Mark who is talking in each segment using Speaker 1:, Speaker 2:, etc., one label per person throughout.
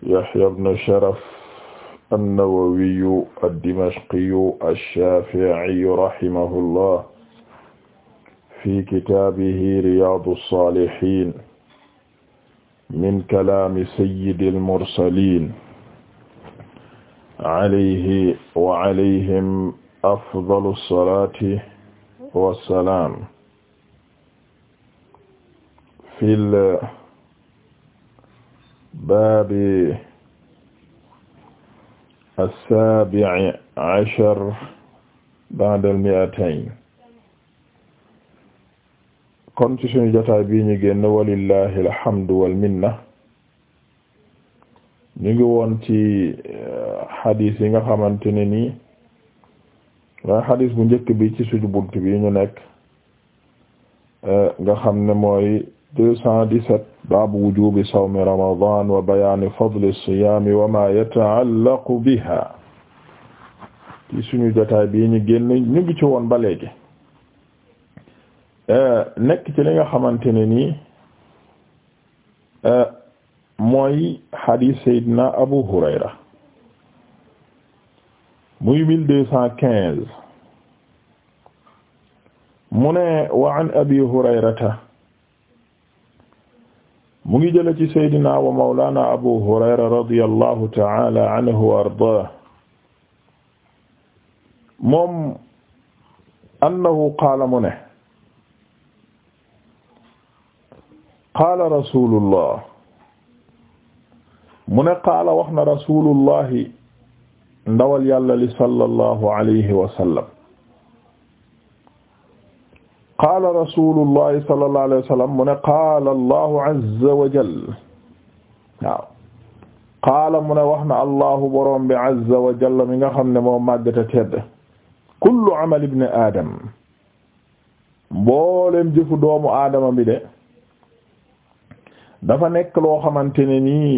Speaker 1: Yahya ibn Sharaf an-Nawawiyu ad-Dimashqiyu ash-Shafi'iyu rahimahullah fi kitaabihi Riyaadu s-Saalihiin min kalaami sayyidil mursaliin alayhi wa alayhim afdalu s-salaati wa s-salaam fil baabi as-saabi'i ashar ba'da al kon ci suñu jotaay bii ñu génn walillahi alhamdu wal minna ñu ngi woon ci uh, xadiis yi nga xamante ne nii waaye xadiis bu njëkk bi ci suñu bunt bi ñu nekk uh, nga xam ne mooy 217 baabu wujuubi sawmi ramadan wa bayaani fadli siyaami wa maa yataallaqu biha ci suñu jotaay bii ñu génn ñu ngi ci woon ba léegi eh, nekk ci li nga xamante ne nii eh, mooy hadith Seydina Abu Hurayra muy 1215 mu ne wa an Hurayrata mu ngi jële ci saydina wa mawlana abu hurayra radiyallahu ta'ala anhu wa ardaah moom annahu qaala mu ne qaala rasulullah mu ne qaala wax na rasulullahi ndawal yàlla li sallallahu alayhi wa sallam qaala rasulullahi sallallahu alayhi wa sallam mu ne qaala allahu azza wa jalla waaw qaala mu ne wax na allahu boroom bi azza wa jalla mi nga xam ne moo màggata tedd kullu amal ibni aadam mbooleem jëfu doomu aadama bi de dafa nekk loo xamante ne nii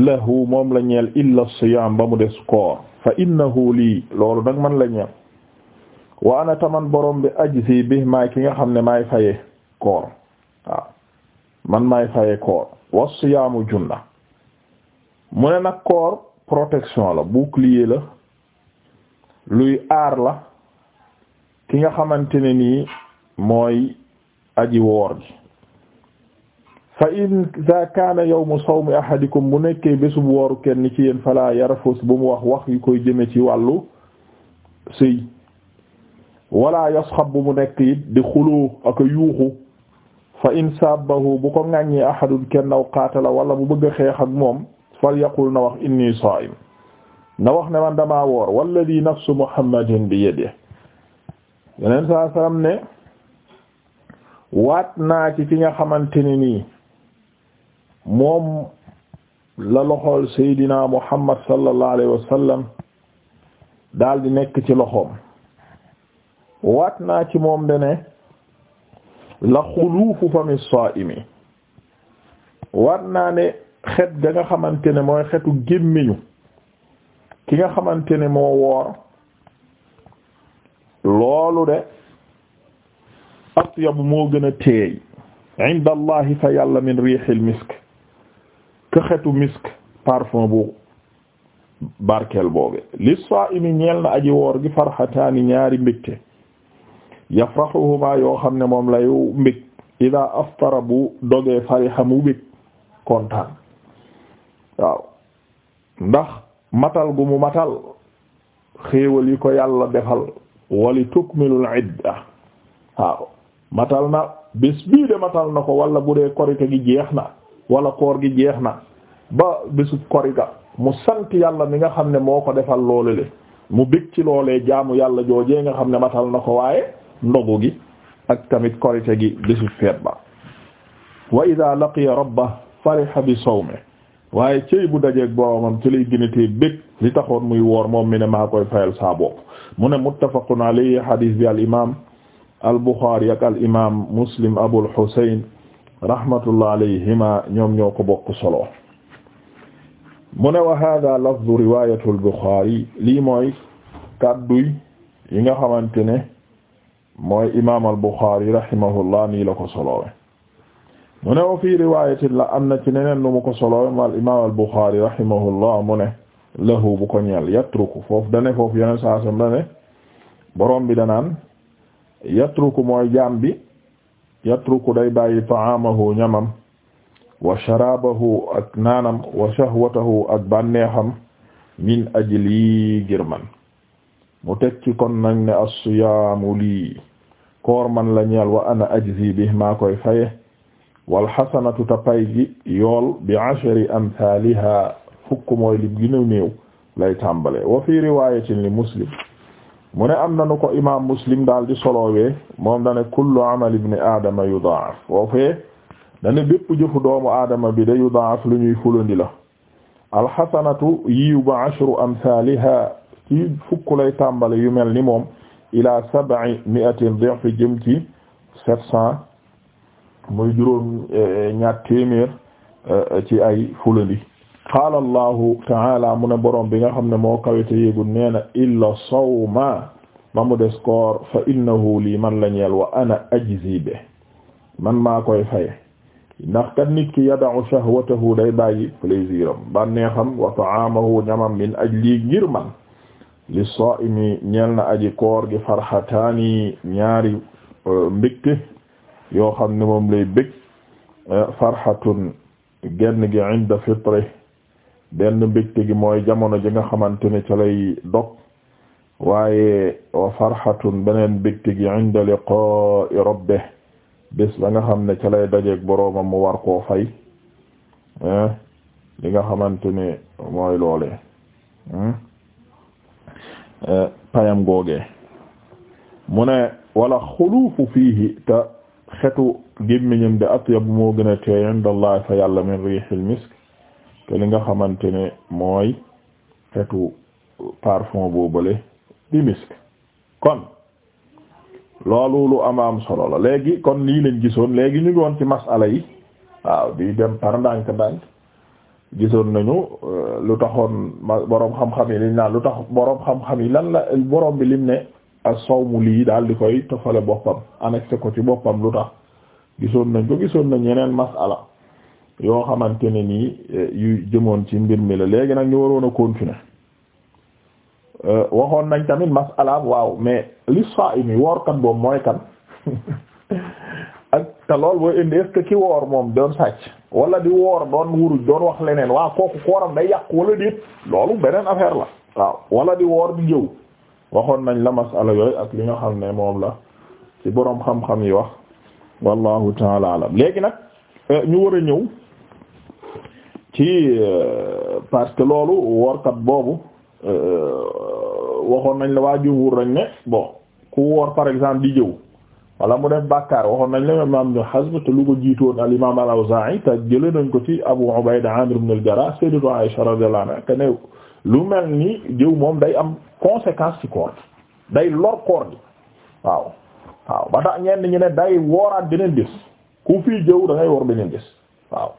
Speaker 1: lahu moom la ñeel illa siyaam ba mu des koor fa innahu lii loolu nag man la ñeel wa ana taman borom bi ajzi bi maay ki nga xam ne maay faye koor waaw man maay faye koor wa siyaamu junna mu ne nag koor protection la bu bouclier la luy aar la ki nga xamante ne nii mooy aji woor gi fa iza kaana yawmu mu ahadikum bu nekkee bésub wooru kenn ci yéen fala yarfus bu mu wax wax yu koy jëme ci wàllu sëy wala yasxab bu mu nekk it di xuloo ak a yuuxu fa in sabahu bu ko ŋàññee ahadun kenn aw qaatala wala mu bëgg a xeex ak moom fal yaqul na wax inni saa'im na wax ne man dama woor walladi nafsu muhammadin bi yadihi yeneen saa salaam ne waat naa ci ki nga xamante ne nii moom la loxol seydina muhammad sallallahu alayhi wa sallam daal di nekk ci loxoom waat naa ci moom de ne la xuluufu fami saa'imi waat naa ne xet ga nga xamante ne mooy xetu gémmiñu ki nga xamante ne moo woor loolu de atyabu moo gën a teey inda allahi fa yàlla min riixil misk ke xetu misk parfum bu barkeel boobe li saa'imi ñeel na aji woor gi farxataani ñaari mbégte yafrahuhuma yoo xam ne moom lay mbég ida aftara bu dogee fariha mu bég kontaan waaw ndax matal gu mu matal xéewal yi ko yàlla defal wali tukmilul idda waaw matal na bés bii de matal na ko wala bu dee korite gi jeex na wala koor gi jeex na ba bésu korite mu sant yàlla mi nga xam ne moo ko defal loolu le mu bég ci loolee jaamu yàlla joojee nga xam ne matal na ko waaye ndogu gi ak tamit korite gi bésu ba wa ida laqiya rabba fariha bi sawme waaye cëy bu dajeeg boromam ci lay gënatee bég li taxoon muy wor moom mi maa koy fayal saa bopp mu ne muttafaqun alayhi hadis bi al imam al buxaari ak al imam muslim abul husayn rahmatullah alayhima ñoom ñoo ko bokk solo mu wa hada lafdu riwayatul buxaari lii mooy kàdduy yi nga xamante ne mooy imaam al Buxaari rahimahullah nii la ko soloowe mu ne wa riwaayatin la am na ci neneen ko soloowe ma al imaam al Buxaari rahimahullah mu lahu bu ko ñeel yatruku foofu dane foofu yeneen saasam dane borom bi danaan yatruku mooy jaam bi yatruku day bàyyi taamahu ñamam wa sharabahu ak naanam wa shahwatahu ak bànneexam min ajli ngir man mu teg kon nañ ne as-siyaamu lii koor man la ñeel wa ana ajzi bi maa koy faye wal xasanatu ta gi yool bi ashri amthaliha fukk mooy li gën lay tàmbale wa fi riwayatin li muslim mu ne am nanu ko imam muslim daal di solowee moom dane kullu amal ibni aadama yudaaf foofee dane bépp jëfu doomu aadama bi da yudaaf lu ñuy fulandi la alxasanatu yiw ba ashru fukk lay tàmbale yu mel ni moom ila sab'i mi'atin di'f jëm ci muy juróom eh, ñaar eh, ci ay fulandi qaala allahu taala mu ne borom bi nga xam ne moo kawite yéegul nee na illa sawma ba mu des fa innahu lii man la ñeel wa ana ajzi be man maa koy faye ndax kat nit ki yada'u day bàyyi plaisir am bànneexam wa ta'amahu ñamam min ajli ngir li saa'imi ñeel na aji koor gi farxataani ñaari euh, mbégte yoo xam ne moom lay bég euh, farxatun genn gi inda fitri benn mbégte gi mooy jamono ji nga xamante ne ca lay dog waaye wa farxatun beneen mbégte gi inda liqaa'i rabbih ba nga xam ne ca lay dajeeg boroomam mu war koo fay li nga xamante ne mooy loole payam googee mu ne wala xuluufu fiihi te xetu gémmiñam de atyab moo gën a teey indallah fa yàlla min riihil misk te li nga xamante ne mooy xetu parfum boobale di misk kon loolu lu ama am solo la léegi kon lii lañ gisoon léegi ñu ngi woon ci masala yi waaw di dem par ndànk ndànk gisoon nañu euh, lu taxoon boroom xam-xam yi liñ naan lu tax boroom xam-xam yi lan la boroom bi lim ne as mu lii daal di koy tofale boppam annexé ko ci boppam lu tax gisoon nañ ko gisoon nañ yeneen masala yoo xamante ne nii euh, yu jëmoon ci mbir mi la léegi nag ñu waroon a continuer euh, waxoon nañ tamit masala waaw mais li saa imi woorkat boobu mooy kan ak te lool booy indi ki woor moom doon sàcc wala di woor doon wuruj doon wax leneen waa kooku kooram day yàqu wala déet loolu beneen affaire la waaw wala di woor di jëw waxoon nañ la masala yooyu ak li nga xam ne moom la ci boroom xam-xam yi wax wallahu taala alam léegi nag euh, ñu war a ñëw ci euh, parce que loolu woorkat boobu euh, waxoon nañ la waa jumhur dañ ne bon ku woor par exemple di jëw wala mu def bàkkaar waxoon nañ la imam Ibn Hazm te ko jiitoon al imam al-Awzaa'i te jëlee nañ ko ci Abu Ubayda Amir ibn al-Jarrah sayyidatu Aisha radiyallahu anha ne lu mel ni jëw moom day am conséquence ci koor gi day lor koor gi waaw waaw ba tax ñenn ñu ne day wooraat beneen bés ku fii jëw da ngay woor beneen bés waaw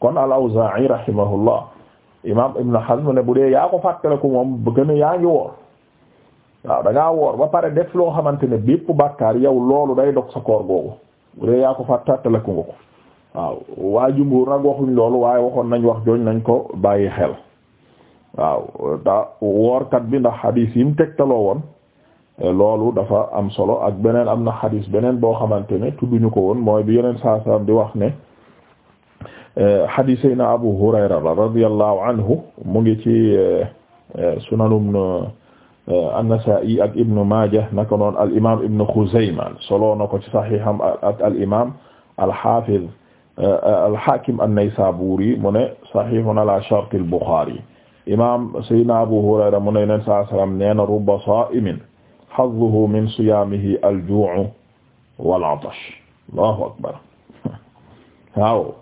Speaker 1: kon al-Awzaa'i rahimahullah imam Ibn Hazm ne bu dee yaa ko fàttaliku moom bëgg yaa ngi woor waaw da woor ba pare def loo xamante ne bépp bàkkaar yow loolu day dox sa koor googu bu dee yaa ko fa tàttaleku nga ko waaw waa jumbuur nag waxuñ loolu waaye waxoon nañ wax jooñ nañ ko bàyyi xel waaw woorkat bi ndax xadiis yi mu tegtaloo woon loolu dafa am solo ak beneen am na xadiis beneen boo xamante ne tudduñu ko woon mooy bi yeneen saa di wax ne xadiisay na Abu Hurayra la radiyallahu anhu mu ngi ci sunanum Euh, an-Nasaa'i ak Ibn Maaja naka noonu al imaam Ibn Xuzayma solo na ko ci saxiixam ak al imaam al-Haafiz euh, euh, al-Haakim an-Naysaabuuri mu ne saxiixun alaa shartil Buxaari imaam Sayyidinaa Abu Hurayra mu ne Yonent sallallaahu alayhi wa sallam nee na rubba saa'imin hazzuhu min siyaamihi al-juu'u wal-'atash Allaahu akbar waaw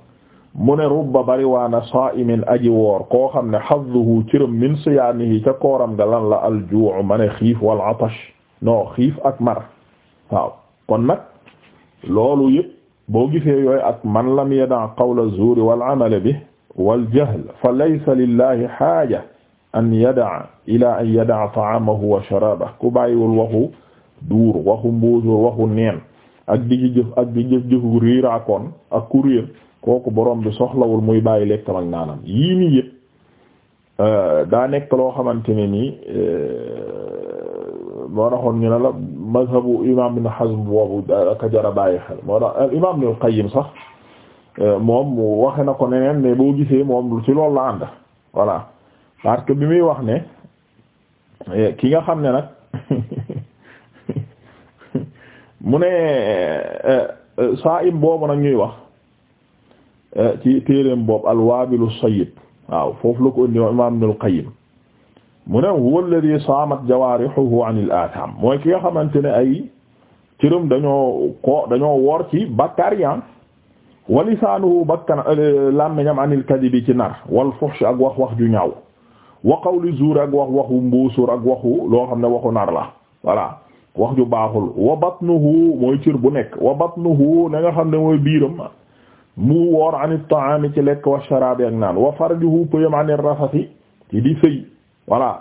Speaker 1: mu ne rubba bariwaana saa'imin aji woor koo xam ne hazzuhu cëram min siyaamihi ca kooram nga lan la aljuu'u ma ne xiif wal atash non xiif ak mar waaw kon nag loolu yëpp boo gisee yooyu ak man lam yada qawla zuuri wal amala bi wal jahl fa laysa lillahi haaja an yada ila an yada ta'aamahu wa sharabahu ku bàyyiwul waxu duur waxu mbuusur waxu neen ak di ci jëf ak di jëf jëfu riiraakoon ak ku riir kooku borom bi soxlawul muy bàyyi lekkam ak naanam yii nii yëpp euh, daa nekk loo xamante ne nii euh, moo taxoon ñu ne la mazhabu imam Ibn Hazm boobu ka jara bàyyi xel moo tax euh, imam Ibn Qayyim sax moom waxe na ko neneen mais boo gisee moom ci loolu la ànd voilà parce bi muy wax ne ki nga xam ne nag mu ne saa im boobu nag ñuy wax ci téereem boobu alwaabilu sayyib waaw foofu la ko indi imaam Ibnul Qayyim mu ne huwa alladhi saamat jawaarihuhu anil atham mooy ki nga xamante ne ay cëram dañoo ko dañoo woor ci bakkaar yi wa lisaanuhu bakkan làmmiñam anil kadibi ci nar wal fuhsh ak wax wax ju ñaaw wa qawli zuur ak wax waxu mbuusur ak waxu loo xam ne waxu nar la voilà wax ju baaxul wa batnuhu mooy cër bu nekk wa batnuhu na nga xam ne mooy biiram mu woor an at-ta'aami ci lekk wa sharaabi ak naan wa farjuhu pëyam an ar-rafasi ci di sëy voilà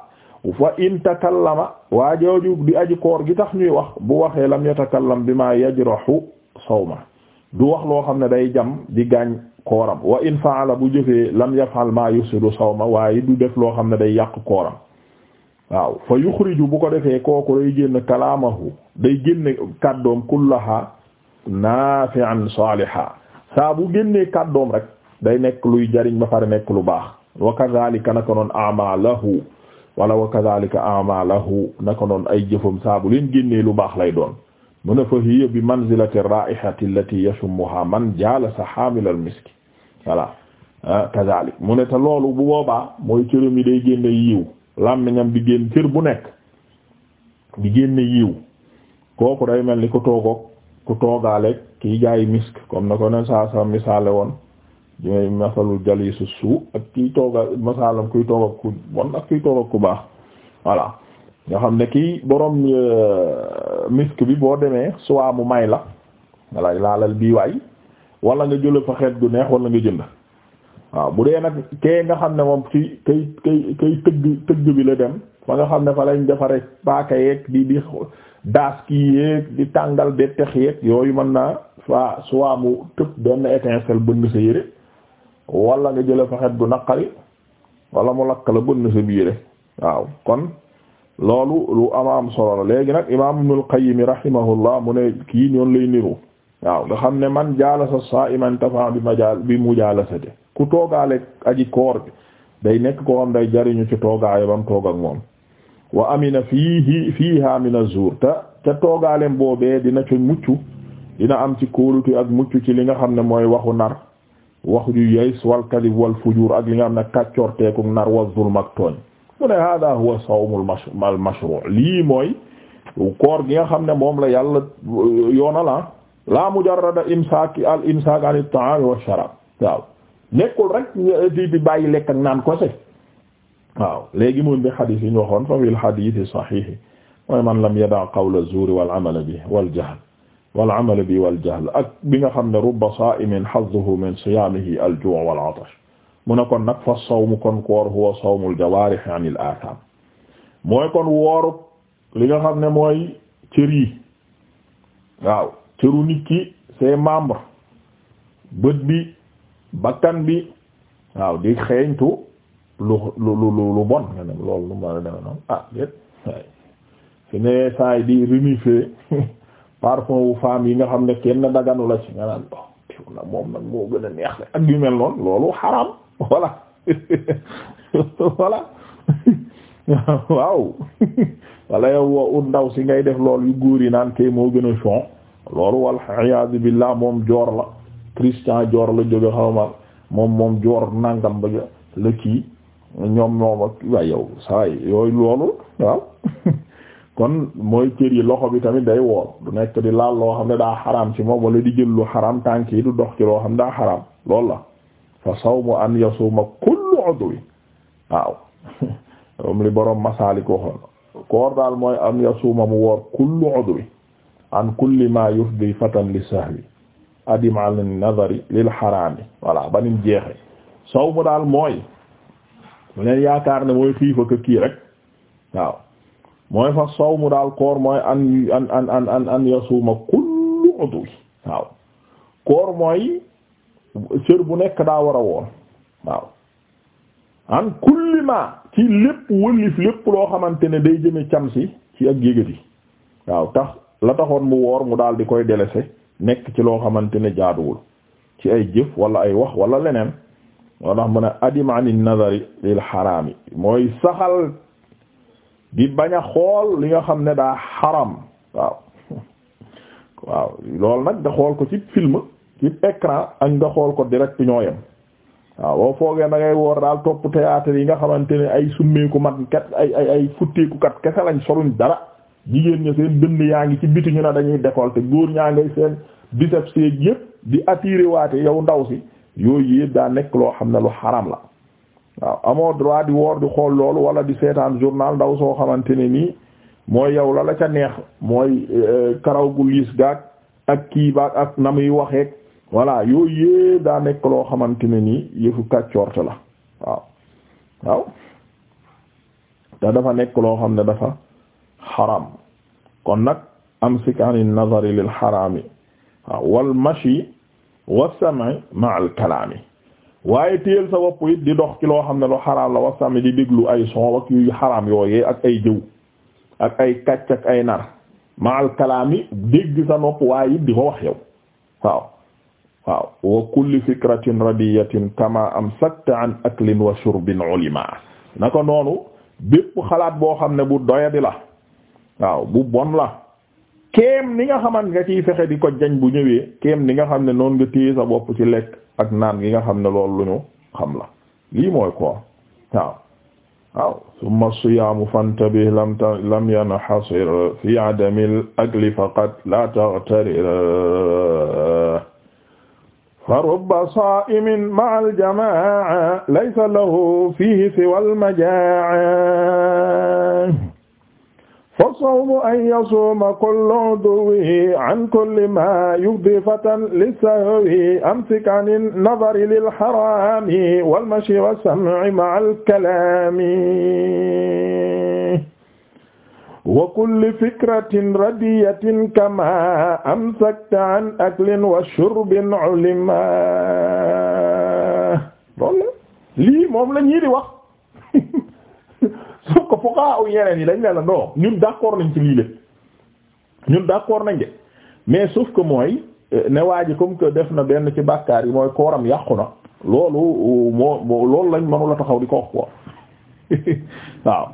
Speaker 1: fa in takallama waa jooju di koor gi tax ñuy wax bu waxee lam yatakallam bi ma yajrahu sawma du wax loo xam ne day jam di gaañ kooram wa in faala bu jëfee lam yafal ma yusidu sawma waaye du def loo xam ne day yàq kooram waaw fa yuxriju bu ko defee kooku day génn kalaamahu day génn kàddoom kullaha nafi'an saliha saabu bu génnee kàddoom rek day nekk luy jariñ ba pare nekk lu baax wa kadhalika naka noon amalahu wala wa kadhalika amalahu naka noon ay jëfam saabu bu leen génnee lu baax lay doon mu ne fa hiya bi manzilati raihati allati yashumuha man jalasa hamilal miski voilà ah, kadhalik mu ne te loolu bu boobaa mooy cëram yi day génne yiw làmmiñam di génn cër bu nekk di génne yiw kooku day mel ni ku toogook ku toogaale kiy jaay misk comme na ko ne saa saa misaale woon ñooy masalul jalisu suu ak kiy tooga masalam kuy toog ak ku bon ak kuy toog ak ku baax voilà nga xam ne kii boroom euh, misk bi boo demee soit mu may la walay laalal bii waay wala nga jëla fa xeet gu neex wala nga jënd waaw bu dee nag kee nga xam ne moom ci kay kay kay tëgg tëgg bi la dem ba nga xam ne fa lañ defaree paaka yeeg di di daas kii yéeg di tàngal bettex yeeg yooyu mën naa fa soit mu tëb benn étincelle bënn sa yére wala nga jële fa xet gu naqari wala mu lakk la bënn sa biire waaw kon loolu lu ama am solo la léegi nag imaam Ibnul Qayyim rahimahullah mu ne kii ñoonu lay niru waaw nga xam ne man jaalasa saa'iman tafa bi majaal sa mujaalasati ku toogaale aji koor bi day nekk koo xam day jariñu ci toogaayobam toog ak moom wa amina fiihi fii min az-zuur te te toogaalem boobe dina ci mucc dina am ci kóolutu ak mucc ci li nga xam ne mooy waxu nar waxu yu yeys wal kadib wal fujur ak li nga xam ne kàccoor teeku nar wa zulm ak tooñ mu ne hada huwa sawmul al mashru' lii mooy koor gi nga xam ne moom la yàlla euh, yoona ah. la la mujarrada imsaak al imsaak an at-ta'aam wa sharab waaw nekkul rek euh, di di bàyyi lekk ak naan kose waaw léegi mu indi xadis yi ñu waxoon fa fil xadisi saxiixi mooy man lam yadaa qawla zuuri wal amala bi wal jahl wal amala bi wal jahl ak bi nga xam ne rubba saa'imin hazzuhu min siyaamihi al juu' wal atash mu ne kon nag fa sawmu kon koor huwa sawmul jawaarih anil aasaam mooy kon wooru li nga xam ne mooy cër yi waaw cëru nit ki ses membres bët bi bakkan bi waaw di xeeñtu lu lu lu lu bon nga ne loolu lu ma la demee noonu ah su ne saa di renifler parfum wu femme yi nga xam ne kenn daganu la ci nga naan oh, moom nag moo gën a neex ak yu mel noonu loolu xaram voilà waaw walla yow ndaw si ngay def lool yu góor yi naan kay moo gën a chon loolu wal iyaazu billah moom joor la christian joor la jóge xaw ma moom moom joor nangam ba la kii ñoom ñoom ak waaye yow loolu kon mooy cër loxo bi tamit day woor du nekk di laal loo xam ne daa xaraam ci moom wala di jël lu xaraam tànk du dox ci loo xam ne daa xaraam loolu la fa sawmu an yasuma kullu udwi waaw comme koor daal mooy an yasuma mu woor kullu udwi an kulli ma yufdi fatan li sahwi adim ala nazari lil xaraami voilà banim jeexe sawmu daal mooy mu leen yaakaar ne mooy xiif ak kii rek waaw mooy fa sow mu daal koor mooy an an an an yasuma kullu udwi waaw koor mooy cër bu nekk daa war a woor waaw an kulli ma ci lépp wëlif lépp loo xamante ne day jëme cam si ci ak yégati waaw tax la taxoon mu woor mu daal di koy délaisser nekk ci loo xamante ne jaaduwul ci ay jëf wala ay wax wala leneen moo tax mu ne adim an nazari lil xaraami mooy saxal di bañ a xool li nga xam ne daa xaram waaw lool nag nga xool ko ci film ci écran ak nga xool ko direct ñooyam waaw boo foogee da ngay woor daal topp théâtre yi nga xamante ne ay summeeku mat kat ay ay ay futteeku kese lañ soluñ dara jigéen ña seen dënd yaa ngi ci biti ñu ne dañuy décolleté góor ñaa ngay seen biceps yëpp di attiré waate yow ndaw si yooyu yëpp daa nekk loo xam ne lu xaram la waaw amoo droit di woor di xool loolu wala di seetaan journal ndaw soo xamante ne nii mooy yow la la ca neex mooy euh, karaw gu liis gaag ak kii ak na muy waxeeg voilà yooyu yëpp daa nekk loo xamante ne nii yëfu kàccoorte la waaw waaw te dafa nekk loo xam ne dafa xaram kon nag amsik an nazari lil xaraami waaw wal mashi wasami ma'al kalaami waaye téyel sa bopp it di dox ci loo xam ne lu xaraam la wasami di déglu ay son ak yu xaraam yooyee ak ay jëw ak ay kàcc ak ay nar ma'al kalaami dégg sa nopp waaye it di ko wax yow waaw waaw wa kulli fikratin kama amsakta an wa shurbin ulima naka noonu bépp xalaat boo xam ne bu doyadi la waaw bu bon la kéem ni nga xamante nga ciy fexe di ko jañ bu ñëwee kéem ni nga xam ne noonu nga téye sa bopp ci lekk ak naan gi nga xam ne loolu lu ñu xam la lii mooy koor waaw waaw summa siyaamu fantabih lam ta lam yanhasir fi adamil akli faqat la taghtarir fa rubba sa'imin ma'a al-jamaa'a laysa lahu fihi siwa al-majaa'a fa sawmu an yasuuma kullu udwihi an kulli ma yubdi fatan lissahwi amsik an nazari lil haraami wal mashi wa sam'i ma'a al kalaami wa kulli fikratin radiyatin kama amsakta an aklin wa shurbin ulima loolu lii moom la ñii di wax sauf ko fuqaha aw yeneen yi dañ ne la doo ñun d'accord nañ ci lii lé ñun d'accord nañ de mais suuf ko mooy eh, ne waa ji comme que def na benn ci bàkkaar yi mooy kooram yàqu na loolu uh, moo loolu lañ mënula taxaw di ko wax quoi waaw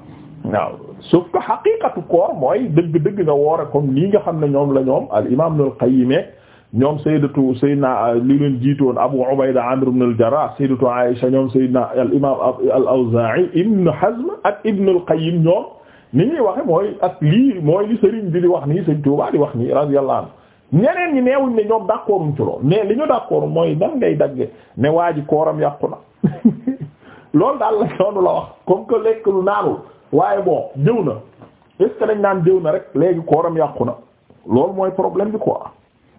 Speaker 1: suuf sauf que xaqiqatu koor mooy dëgg-dëgg nga woore comme nii nga xam ne ñoom la ñoom al imam Ibnul Qayyim ñoom sayyidatu sayyidina euh, li leen jiitoon Abu Ubayda Amr ibn al-Jarrah sayyidatu Aisha ñoom sayyidina al-imam al-Awza'i Ibn Hazm ak Ibn al-Qayyim ñoom ni ñuy waxe mooy ak lii mooy li Serigne bi di wax ni Serigne Touba di wax nii radiyallahu anhu ñeneen ñi neewuñ ne ñoom d'accorduñ ci loolu li ñu d'accord mooy nan ngay dagge ne waa ji kooram yàqu na loolu daal la ñoonu la wax comme que lekk lu naanul waaye bon jëw na est ce que jëw na rek léegi kooram yàqu na loolu mooy problème bi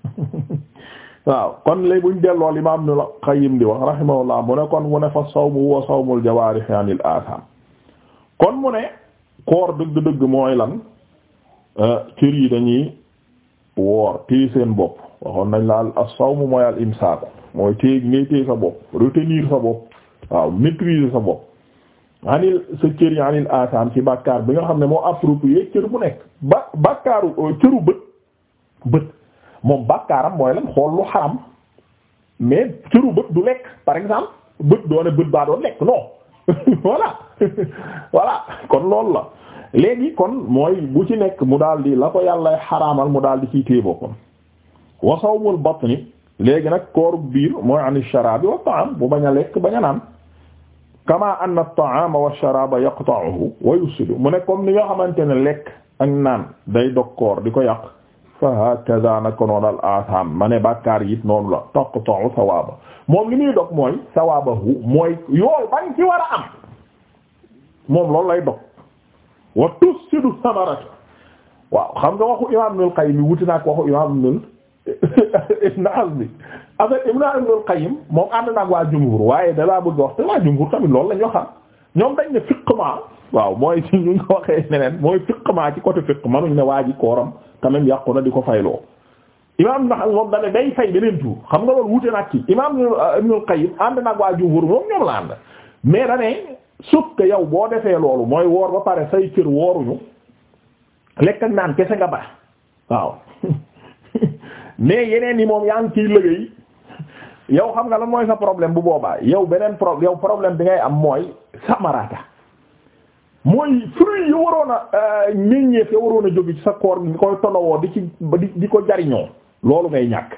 Speaker 1: waaw kon léegi buñ delloo Imaam Ibnul Qayyim di wax rahimahullah mu ne kon mu ne fa sawmu huwa sawmul jawaarih anil aasaam kon mu ne koor dëgg-dëgg mooy lan euh, cër yi dañuy woor téye seen bopp waxoon nañ laal as-sawmu mooy al imsaak mooy téye ngay téye sa bopp retenir sa bopp waaw maîtriser sa bopp anil sa cër yi anil aasaam ci bàkkaar bi nga xam ne moo approprié cër bu nekk bàkkaaru euh, cëru bët bët moom bàkkaaram mooy lan xool lu xaram mais cëru bët du lekk par exemple bët doone bët baa doon lekk non voilà voilà kon loolu la léegi kon mooy bu ci nekk mu daal di la ko yàlla xaraamal mu daaldi di ciy téye boppam wa sawmul batni léegi nag kooru biir mooy an sharabi wa ta'am bu bañ lekk bañ a naan kama anna at-ta'ama wa sharaba yaqta'uhu wa yusidu mu ne comme ni nga xamante ne lekk ak naan day dog di ko yàq fa hakaza nako noon al asam kaar ne bàkkaar it noonu la taqta'u sawaaba moom li muy dog mooy sawaabahu mooy yool bañ ci war am moom loolu lay dog wa tusidu xam nga waxu imam Ibnul wuti naak waxu imam Ibnul Ibn Hazm avec imam Ibnul Qayyim moom ànd waaye dalaa bëgg wax te waa jumhur tamit loolu lañ waxam ñoom dañ ne fiqma waaw mooy ci ñu ngi ko waxee neneen mooy fiqma ci côté fiq manuñ ne waa kooram quand même yàqu na di ko fayloo imam ndax moom dane day fay beneen tour xam nga loolu wute nag ci imam euh, Ibnul Qayyim ànd nag waa jumhur moom ñoom la ànd mais dane sauf que yow boo defee loolu mooy woor ba pare say cër wooruñu lekk ak naan kese nga ba waaw mais yeneen yi moom yaa ngi ciy liggéey yow xam nga lan mooy sa problème bu boobaa yow beneen pro yow problème bi ngay am mooy samarata mooy fruit yi waroon a euh, meññeef ya waroon a jóge ci sa koor gi koy tolowoo di ci di di ko jariñoo loolu ngay ñàkk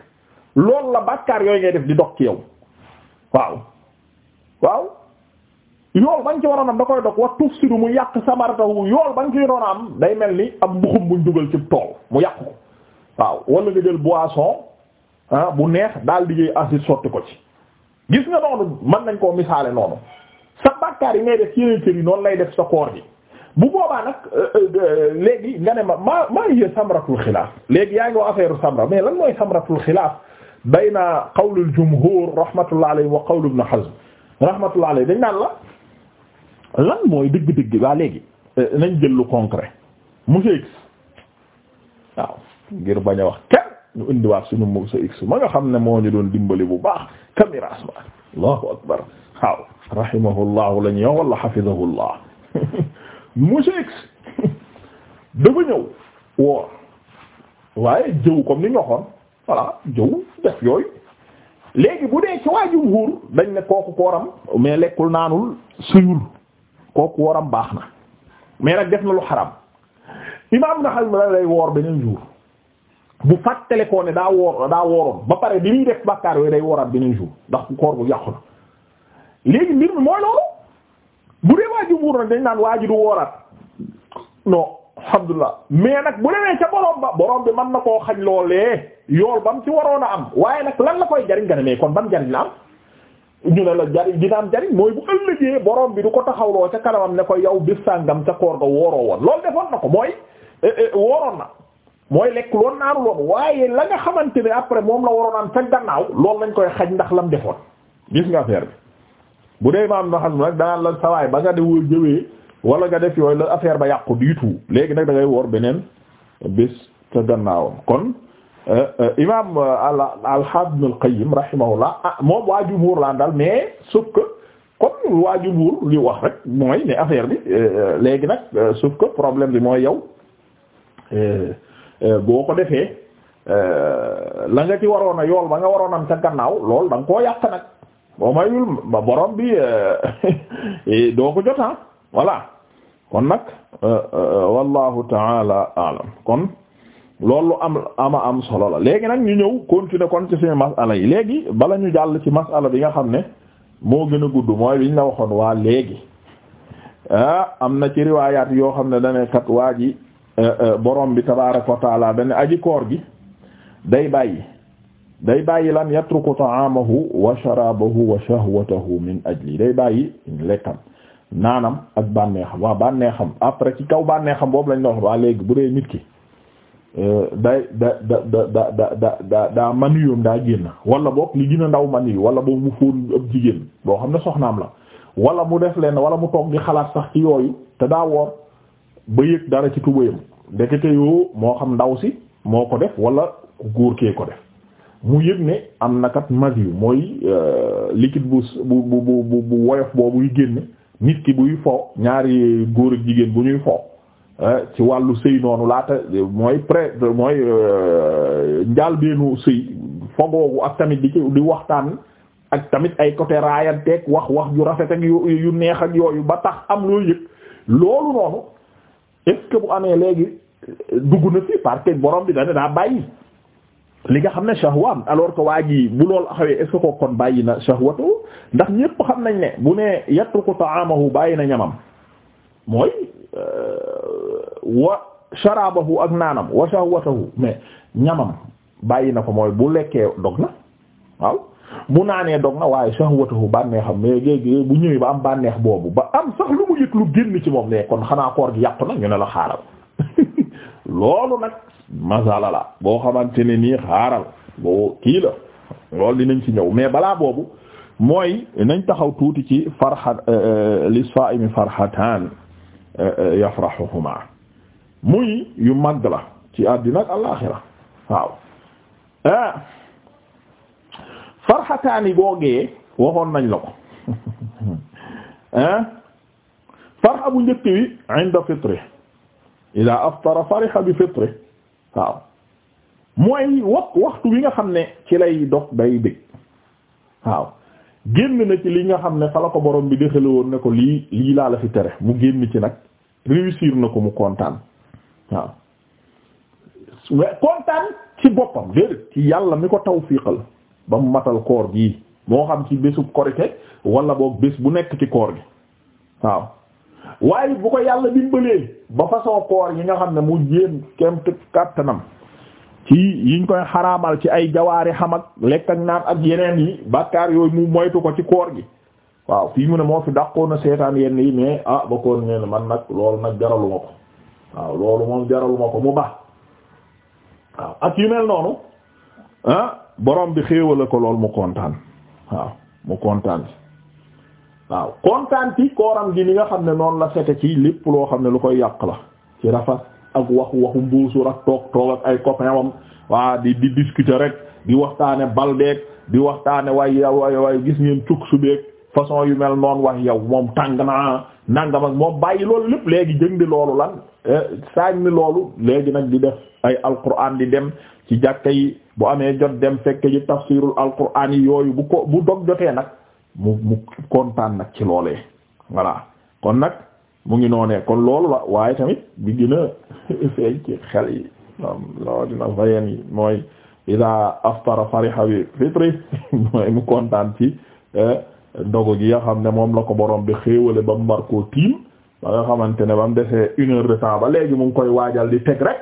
Speaker 1: loolu la bàkkaar yooyu ngay def di dox ci yow waaw waaw yool ba nga ci waroon am da koy dog wa tuf sidu mu yàq samaratawu yool ba nga ci waroon am day mel ni am mbuxum buñ dugal ci tool mu yàq ko waaw wala nga jël boisson ah, bu neex daal di jëy sotti ko ci gis nga noonu mën nañ koo misaale noonu sa bàkkaar yi ngay def yeneen cër noonu lay def sa koor bi bu boobaa nag euh, euh, léegi nga ne ma maa maa hiya samratul xilaaf léegi yaa ngi wax affaire samra mais lan mooy samratul xilaaf bayna qawlul jumhur rahmatullah alayhi wa qawl ibn hazm dañ naan la lan mooy dëgg-dëgg baa léegi euh, nañ jël lu concret monsieur X waaw ngir bañ wax kenn ñu indiwaat suñu monsieur X xam ne moo ñu doon dimbali bu baax caméra asma allahu akbar waaw rahimahullahu la ñuy wax wala hafizahullah monsieur X dafa woor waaye jëw comme ni ñu waxoon voilà jëw def yooyu bu dee ci waa jumhuur dañ ne kooku kooram mais lekkul naanul suyul kooku waram baax na mais nag def na lu xaram imaam na xam la lay woor beneen jour bu fàttale koo daa woor daa wooroon ba pare bi muy def bàkkaar yooyu day wooraat beneen jour ndax koor bu yàqu na léegi mbir mi mooy loolu bu dee waa jumhur nag dañ naan waa ji du wooraat non alhamdulilah mais nag bu demee ca borom ba borom bi mën na koo xañ loolee yool ba mu ci waroon a am waaye nag lan la koy jariñ nga ne mais ban jariñ la am ñu ne la jariñ dina am jariñ mooy bu ëllëgee borom bi du ko taxaw taxawloo ca kanamam ne koy yow bis sàngam ca koor ga wooroo woon loolu defoon na ko mooy eh, eh, wooroon na mooy lekk loon naanu loon waaye la nga xamante ne après moom la waroon am ca gannaaw lañ koy xañ ndax lam defoon gis nga affaire bu dee imaam Ibn Hazm nag danaan la sawaay ba nga de woo jëwee wala nga def yooyu la affaire ba yàqu du tout léegi nag da ngay woor beneen bés ca gannaawam kon euh, euh, imaam euh, al-Haafiz Ibn al laan daal mais sauf que wax mooy affaire bi léegi nag sauf que problème bi mooy yow boo ko defee la nga ci waroon a yool ba nga waroon am ca gannaaw lool da koo yàq nag boo mayul borom bi euh, eh, doo ko jota ah. voilà kon nag euh, euh, wallahu taala alam kon loolu am ama am solo la léegi nag ñu ñëw continuer kon ci masala yi léegi bala ñu jàll ci masala bi nga xam ne moo gën a gudd mooy liñ la waxoon waa léegi ah, am na ci riwaayaat yoo xam ne dane kat waa ji borom bi tabaaraka wa taala dane aji koor gi day bàyyi day bàyyi lan yatruku ta'amahu wa sharabahu wa shahwatahu day bàyyi naanam ak bànneexam waa bànneexam après ci kaw bànneexam boobu lañ la wax waa léegi bu dee nit ki euh, day da da da da da da da daa maniyom daa génn wala boog li gën ndaw maniyu wala boobu mu fóon ab jigéen boo xam ne soxnaam la wala mu def leen wala mu toog di xalaat sax ci yooyu te daa woor ba yëg dara ci tubayam ndekete yoo moo xam ndaw si moo ko def wala góor kee ko def mu yëg ne am na kat masiw mooy euh, liquide bu bu bu bu woyof boobuy génn nit ki buy fo ñaari góor ak jigéen bu ñuy fo euh, ci wàllu sëy noonu laata mooy pré mooy euh, njaalbeenu sëy fogoogu ak tamit di ci di waxtaan ak tamit ay côté raayanteeg wax wax ju rafet ak yu neex ak yooyu ba tax am loo yëg loolu noonu est bu amee léegi dugg na fi parce que borom bi dañ daa bàyyi. li nga xam ne shahwaam alors que waa ji bu lool xawee est ce que ko kon bàyyi na shahwatu ndax ñépp xam nañ ne bu nee yatruku ta'amahu bàyyi na ñamam mooy euh, wa sharabahu ak naanam wa shahwatahu mais ñamam bàyyi na ko mooy bu lekkee dog na waaw bu naanee dog na waaye shahwatahu bànneexam mais léegi bu ñëwee ba am bànneex boobu ba am sax lu mu yëg lu génn ci moom ne kon xanaa koor gi yàqu na ñu ne la xaaral loolu nag masala la boo xamante ne nii xaaral boo kii la loolu dinañ ci ñëw mais balaa boobu mooy nañ taxaw tuuti ci farxa euh, euh, li saa'imi farxataan euh, yafrahuhuma muy yu màgg la ci àddina ak alaaxira waaw ah, farxataani googee waxoon nañ la ko ah, farxa bu njëkk wi inda fitri ila aftara fariha bi fitri waaw mooy wax waxtu wi nga xam ne ci lay dog day bëgg waaw génn na ci li nga xam ne fa ko borom bi dëxale woon ne ko lii lii laa la fi tere mu génn ci nag réussir na ko mu kontaan waaw kontaan ci boppam déedéet ci yàlla mi ko tawfiqal ba mu matal koor gii moo xam ci bésu korite wala boog bés bu nekk ci koor gi waaw waaye bu ko yàlla dimbalee ba façon koor yi nga xam ne mu jéem kem kattanam ci yiñ koy xaraamal ci ay yi xam ak lekk ak naan ak yeneen yi bakkaar yooyu mu moytu ko ci koor gi waaw fii mu ne moo fi dàqoon na seetaan yenn yi mais ah ba koor ne man nag loolu nag jaraluma ko waaw loolu moom jaraluma ko mu baax waaw ak yu mel noonu ah, borom bi xéewal ko loolu mu kontaan waaw mu kontaan waaw kontaan ci kooram gi ni nga xam ne noonu la sete ci lépp loo xam ne lu koy yàq la ci rafet ak waxu waxu mbuusur ak toog toog ak ay copain waa di di discuter rek di waxtaane baldeeg di waxtaane waaye yow waay waay gis ngeen cuk subeeg façon yu mel noon wax yow moom tàng naa ah nangam ak moom bàyyi loolu lépp léegi jëng di loolu la eh, saañ ni loolu léegi nag di def ay alquran di dem ci jàkka yi bu amee jot dem fekk ji tafsirul alquran yi yooyu bu ko bu dog jotee nag mu mu kontaan nag ci loolee voilà kon nag mu ngi noonee kon loolu la waaye tamit bi gën feeñ ci xel yi loo dina fayen yi mooy ida aftara fariha bi fitri mooy mu kontaan ci eh, ndogu gi nga xam ne moom la ko boroom bi xéewale ba mu mbar koo tiim ba nga xamante ne ba mu defee une heure de temps ba léegi mu ngi koy waajal di teg rek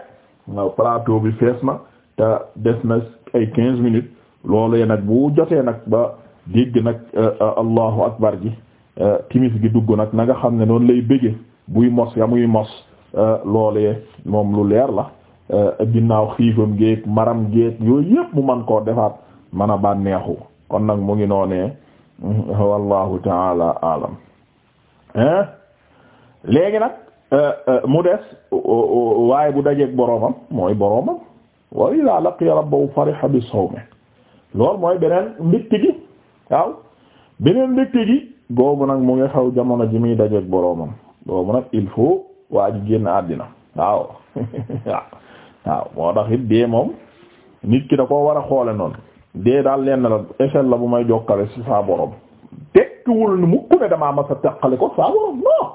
Speaker 1: plateau bi fees na te des na ay quinze minutes loolu nag bu jotee nag ba dégg nag euh, euh, allahu akbar ji euh, timis gi dugg nag na xam ne noonu lay bëgge buy mos ya muy mos loolee moom lu leer la ginnaaw xiifam géeg maram géeg yooyu yëpp mu man koo defaat man bànneexu kon nag mu ngi noone wallahu taala alam hein nag mu des waaye bu dajeeg boroomam mooy boroomam wa ila laqiya rabbahu fariha bi sawmi loolu mooy beneen mbitt gi waaw beneen mbégte gi boobu nag mu ngi xaw jamono ji muy dajeeg boroomam boobu nag il faut waa ji génn àddina waaw waaw moo tax it dee moom nit ki da koo war a xoole noonu dee daal lenn la échelle la bu may jokkale si saa boroom tekkiwul mukk ne damaa mas a teqale ko saa boroom non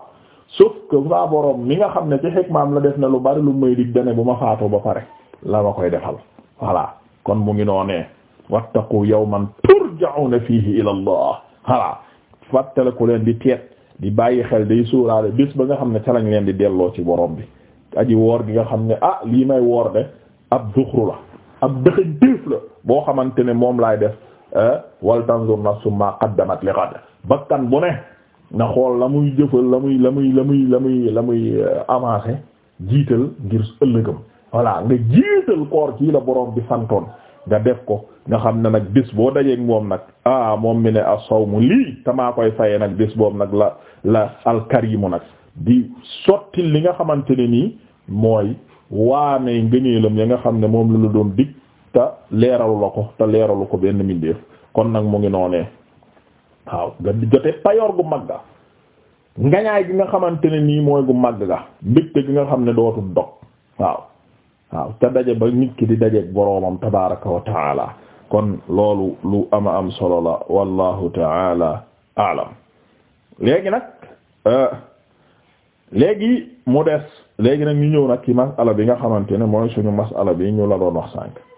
Speaker 1: sauf que saa boroom mi nga xam ne ci xikmaam la def ne lu bari lu may dig dane bu ma faatoo ba pare la ma koy defal voilà kon mu ngi noonee wattaqu yawman yas'una fiihi ila Allah voilà fàttaliku leen di teet di bàyyi xel day suuraale bés ba nga xam ne ca lañ leen di delloo ci borom bi aji woor gi nga xam ne ah lii may woor de ab duxru la ab dëxëñ déef la boo xamante ne moom laay def eh, wal tanzur nafsu ma qaddamat li ghad bakkan bu ne na xool la muy jëfal la muy la muy la muy la muy la muy eh, avancé jiital ngir ëllëgam voilà nga jiital koor kii la borom bi santoon nga def ko nga xam ne nag bis boo dajeeg moom nag ah moom mi ne as-sawmu ah, lii tamaa koy fayee nag bis boobu nag la la alkarimu nag di sotti li nga xamante ne nii mooy waamee ngëneelam ya nga xam ne moom la doon dig te leeralu ko te leeralu ko benn mindeef kon nag mu ngi noonee waaw nga jote payoor gu mag ga ngañaay gi nga xamante ne nii mooy gu mag ga mbégte gi nga xam ne dootul dog waaw waaw ca daje ba nit ki di dajeeg boroomam tabaaraka wa taala kon loolu lu ama am solo la wallahu taala alam léegi nag euh, léegi mu des léegi nag ñu ñëw nag ci masala bi nga xamante ne mooy suñu masala bi ñu la doon wax